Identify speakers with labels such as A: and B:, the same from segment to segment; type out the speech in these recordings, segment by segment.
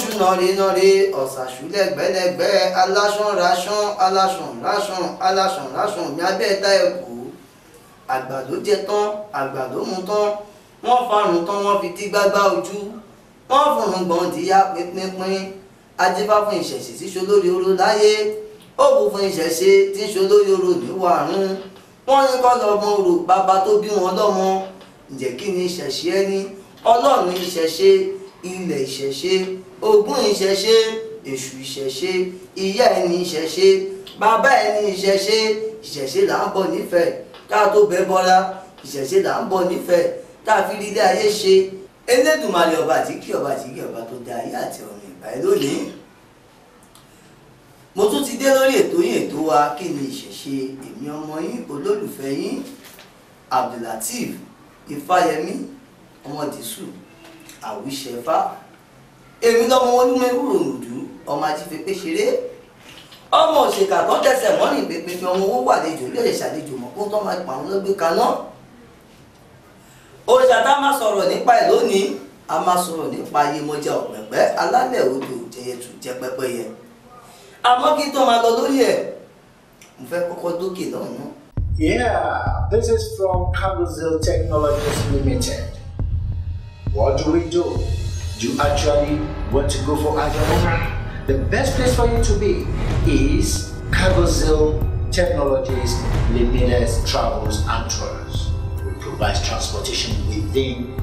A: ṣú nọ̀rí nọ̀rí ọ̀sàṣú lẹ́gbẹ́lẹ́gbẹ́ aláṣán raṣán aláṣán raṣán aláṣán raṣán mi abẹ́ẹ̀ta ẹ̀kú àgbà ló jẹ tán àgbà ló mu tán wọ́n farùn tán wọ́n fi tí gbágbá ojú wọ́n fòrùn gbọ̀n ti yá pínpín ajífá fún ìṣẹ̀ṣe tí ṣe olórí oró láyé ó fún ìṣẹ̀ṣe tí ṣe olórí oró níwọ̀ àrùn wọ́n ní kọ́ lọ́mọ orò bàbá tó bí wọn lọ́mọ ǹjẹ́ kí ni ìṣẹ̀ṣe ẹni ọlọ́run ìṣẹ̀ṣe ilẹ̀ ìṣẹ̀ṣe ogún ìṣẹ̀ṣe èṣù ìṣẹ̀ṣe ìyá ẹni ìṣẹ̀ṣe bàbá ẹni ìṣẹ̀ṣe ìṣẹ̀ṣe là ń bọ̀ nífẹ̀ẹ́ ká tó bẹ bọ́lá ìṣẹ̀ṣe là ń bọ̀ nífẹ̀ẹ́ tá a fi rí ilé ayé ṣe elédùnmalè ọba àti kí ọba àti kí ọba tó dá ayé àti ọ̀run ìgbà ẹ lónìí mo tún ti dé lórí ètò yín ètò wa kí ni ìṣẹ̀ṣe èmi ọmọ yín olólùfẹ́ yín Abdulateef Ifáyẹmí ọmọ dìísù àwíṣẹfà èmi lọ́mọ olúmẹ́rù ròǹdù ọmọ ajífẹ́pé ṣeré ọmọ òṣèkà kan tẹsẹ̀ mọ́rin pépépé ọmọ owó wà lẹ́jọ́ lè ṣàlejò mọ́ kó tó máa pa àwọn lọ́gbẹ́ kaná. òṣà máa sọ̀rọ̀ nípa ẹ̀ lónìí a máa sọ̀rọ̀ nípa Yemọja Ọ̀pẹ̀pẹ̀ alálẹ̀ odò jẹyẹtù jẹ pẹ́pẹ́yẹ. àmọ́ kí tó máa lọ lórí ẹ̀ mo fẹ́ kọ́kọ́ dókè náà Yeah, this is from Cabazil Technologies Limited. What do we do? you actually want to go for Ajawoman, the best place for you to be is Cargozil Technologies Limited Travels and Tours. We provide transportation within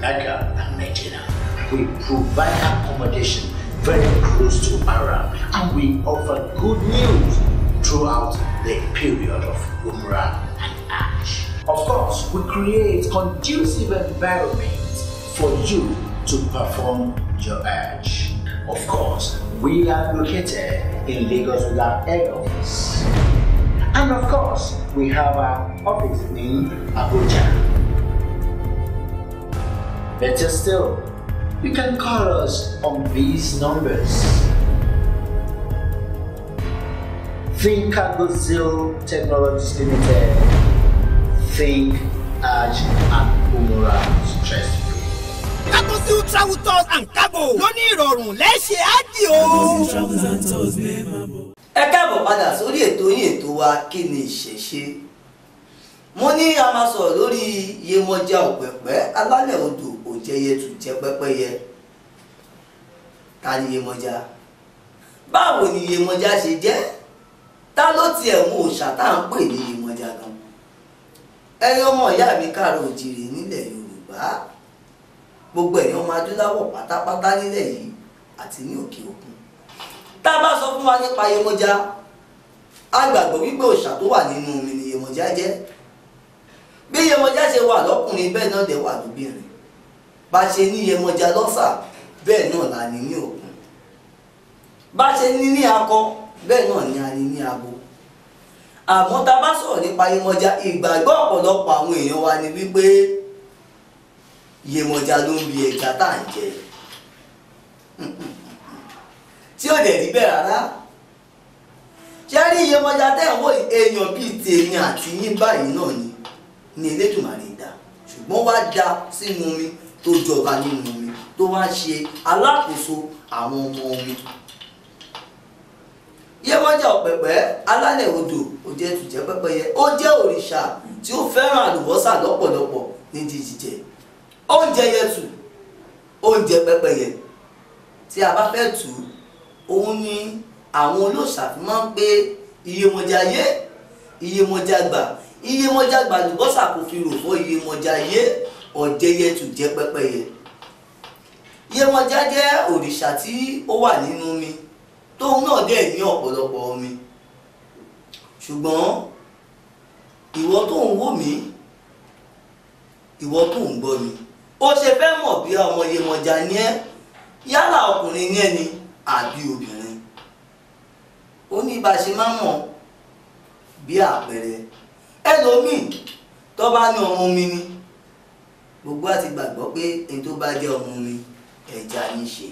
A: Mecca and Medina. We provide accommodation very close to Aram and we offer good news throughout the period of Umrah and Ash. Of course, we create conducive environments for you to perform your badge. Of course, we are located in Lagos with our head office. And of course, we have our office in Abuja. Better still, you can call us on these numbers. Think Agozil Technologies Limited. Think Aj and Umura Stress Kagosi travel tours and cargo lóní ìrọ̀rùn lẹ́sẹ̀ ájì o. ẹ káàbọ̀ padà sórí ètò yín ètò wa kí ni ìṣẹ̀ṣe mo ní a máa sọ̀rọ̀ lórí Yemọja Ọ̀pẹ̀pẹ̀ alálẹ̀ odò òjẹyẹ tún jẹ pẹ́pẹ́yẹ ta ni Yemọja báwo ni Yemọja ṣe jẹ́ ta ló tiẹ̀ mú òòṣà tá à ń pè ní Yemọja gan ẹ̀yin ọmọ ìyá mi káàárọ̀ oòjíire nílẹ̀ Yorùbá gbogbo ẹ̀yin ọmọ adúláwọ̀ pátápátá nílẹ̀ yìí àti ní òkè òkun tá a bá sọ fún wa nípa Yemọja a gbàgbọ́ wípé òòṣà tó wà nínú omi ni Yemọja jẹ́ bí Yemọja ṣe wà lọ́kùnrin bẹ́ẹ̀ náà dẹ̀ wà lóbìnrin bá ṣe ní Yemọja lọ́sà bẹ́ẹ̀ náà la ní ní òkun bá ṣe ní ní akọ bẹ́ẹ̀ náà ní a ní ní abo àmọ́ tá a bá sọ̀rọ̀ nípa Yemọja ìgbàgbọ́ ọ̀pọ̀lọpọ̀ àwọn èèyàn wa ni wípé Yemọja ló ń bi ẹja tá à ń jẹ tí ó dẹ̀ rí bẹ́ẹ̀ rárá ṣé rí Yemọja tẹ́ ẹ̀ èèyàn bíi tèmi àti yín báyìí náà ni ni Elédùmarè dá ṣùgbọ́n wá dá sínú omi tó jọba nínú omi tó wá ṣe alákòóso àwọn ọmọ omi Yemọja ọ̀pẹ̀pẹ̀ alálẹ̀ odò ó jẹ́ tùjẹ́ pẹ́pẹ́yẹ ó jẹ́ òrìṣà tí ó fẹ́ràn àlùbọ́sà lọ́pọ̀lọpọ̀ ní jíjíjẹ oúnjẹ yẹn tù oúnjẹ pẹ́pẹ́yẹ tí a bá fẹ́ tù òun ni àwọn olóòṣà fi máa ń pé iyemọja yé iyemọja gbà iyemọja gbà lùbọ́sà kò fi rò fún iyemọja yé ọ̀jẹ̀yẹtù jẹ́ pẹ́pẹ́yẹ iyemọja jẹ́ òrìṣà tí ó wà nínú mi tóun náà dẹ̀ ní ọ̀pọ̀lọpọ̀ omi ṣùgbọ́n ìwọ tó wò mí ìwọ tó gbọ́ mi. ó ṣe fẹ́ mọ̀ bí ọmọ Yemọja ni ẹ́ yálà ọkùnrin ni ẹ́ ni àbí obìnrin ó ní bá ṣe máa mọ̀ bí àpẹẹrẹ ẹlòmíì tó bá ní ọmọ mi ni gbogbo àti gbàgbọ́ pé ẹni tó bá jẹ́ ọmọ mi ẹja ní ṣe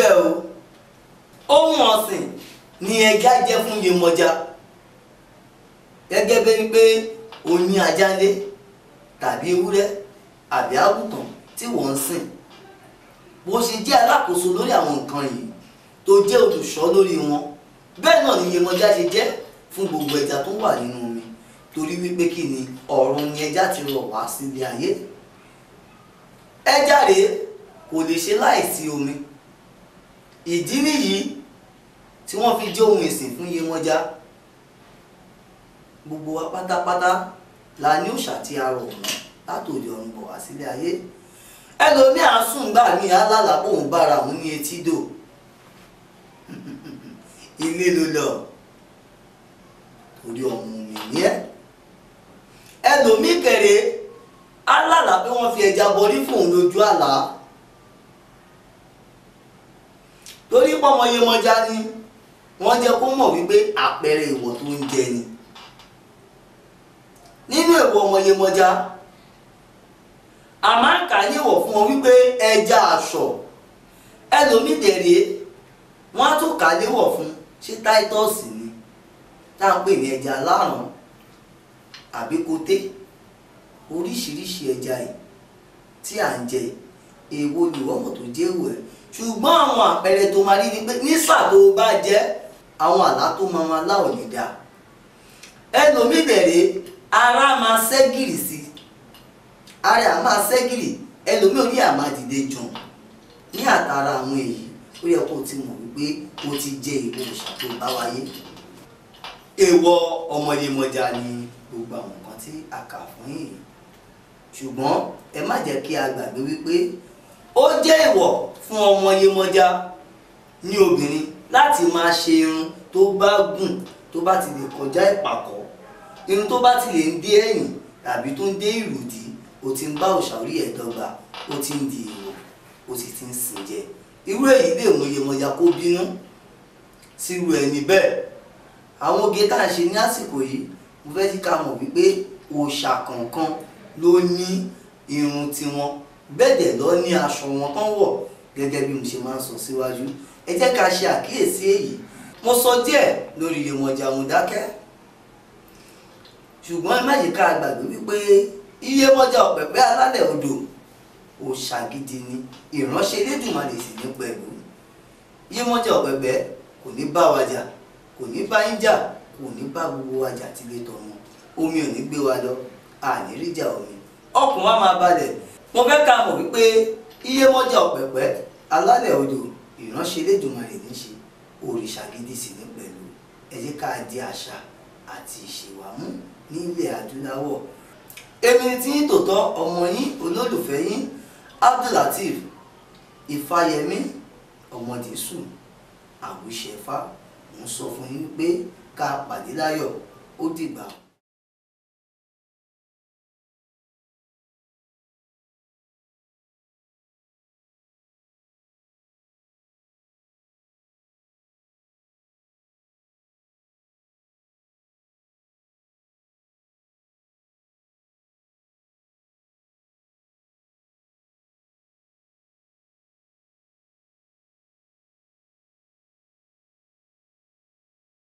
A: kò o ohun ọ̀sìn ni ẹja jẹ́ fún gẹ́gẹ́ pé oyin tàbí ewúrẹ́ àbí àgùntàn tí wọ́n ń sìn bó ṣe jẹ́ alákòóso lórí àwọn nǹkan yìí tó jẹ́ olùṣọ́ lórí wọn bẹ́ẹ̀ náà ni Yemọja ṣe jẹ́ fún gbogbo ẹja tó wà nínú omi torí wípé kí ni ọ̀run ni ẹja ti rọ̀ wá sílé ayé ẹja rèé kò lè ṣe láìsí omi ìdí nìyí tí wọ́n fi jẹ́ ohun ìsìn fún Yemọja gbogbo wa pátápátá la ní òòṣà tí a rọ̀ ọ̀nà látòdì ọ̀run bọ̀ wá sílé ayé ẹlòmíì àsùngbà ní alálàbò ń bára òun ní etídò ilé ló lọ torí ọmọ mi ní ẹ ẹlòmíì kẹrẹ alálà pé wọ́n fi ẹja bọrí fóun lójú àlá torí pọmọ yemọja ni wọ́n jẹ́ kó mọ̀ wípé àpẹẹrẹ ìwọ tó ń jẹ ni nínú èèwọ̀ mọ̀lẹ́mọ̀já àmọ́ kà níwọ̀ fún wọn wípé ẹja aṣọ ẹlòmídẹ̀rẹ̀ wọn á tún kà níwọ̀ fún ṣé táítọ́ọ̀sì ni tá à ń pè ní ẹja alárùn àbíkúté oríṣiríṣi ẹja yìí tí à ń jẹ èwo ni ìwọ́n mọ̀ tó jẹ́ èwọ̀ ẹ̀ ṣùgbọ́n àwọn àpẹẹrẹ tó máa rí ni pé nísà tó bá jẹ́ àwọn àlá tó máa máa láwọn lè dáa ẹlòmídẹ̀rẹ̀ ara máa ṣẹ́gìrì sí ara ẹ̀ máa ṣẹ́gìrì ẹlòmíì orí àmà dìde jùn ní àtàrà àwọn èyí ó yẹ kó o ti mọ̀ wípé o ti jẹ ìbò òṣà tó bá wáyé èèwọ̀ ọmọdémọjà ni gbogbo àwọn nǹkan tí a kà fún yìí ṣùgbọ́n ẹ má jẹ́ kí a gbàgbé wípé ó jẹ́ èèwọ̀ fún ọmọyémọjà ní obìnrin láti máa ṣe irun tó bá gùn tó bá ti lè kọjá ìpàkọ́ inú tó bá ti lè ń dé ẹ̀yìn tàbí tó ń dé ìròdì o ti ń bá òṣàwórí ẹ̀ dọ́gba o ti ń di ìwò o sì ti ń sìn jẹ irú èyí lè mú iyemọ̀ya kó bínú sírú ẹni bẹ́ẹ̀ àwọn oge tá à ń ṣe ní àsìkò yìí mo fẹ́ kí ká mọ̀ wípé òòṣà kọ̀ọ̀kan ló ní irun tiwọn bẹ́ẹ̀ dẹ̀ lọ ní aṣọ wọn tán wọ̀ gẹ́gẹ́ bí mo ṣe máa ń sọ síwájú ẹ jẹ́ ká ṣe àkíyèsí èyí mo sọ díẹ̀ lórí iyemọ̀ja Mọdákẹ́ ṣùgbọ́n máyì ká gbàgbé wípé iye mọ́jà ọ̀pẹ̀pẹ́ alálẹ̀ odò òòṣà gidi ni ìránṣẹ́ Elédùmarè sì ní pẹ̀lú iye mọ́jà ọ̀pẹ̀pẹ́ kò ní bá wa jà kò ní bá yín jà kò ní bá gbogbo wa jà tí lè tọ̀mọ omi ò ní gbé wa lọ àní omi ọkùn wa máa balẹ̀ mo fẹ́ ká mọ̀ wípé iye mọ́jà ọ̀pẹ̀pẹ́ alálẹ̀ odò ìránṣẹ́ Elédùmarè ní ṣe òrìṣà gidi sì ní pẹ̀lú ẹ jẹ́ ká di àṣà àti ìṣèwà mú nílẹ̀ adúláwọ̀ èmi tí yín tòótọ́ ọmọ yín olólùfẹ́ yín Abdulateef Ifáyẹmí ọmọdésù àwíṣẹfà ń sọ fún yín pé ká pàdé láyọ̀ ó dìgbà.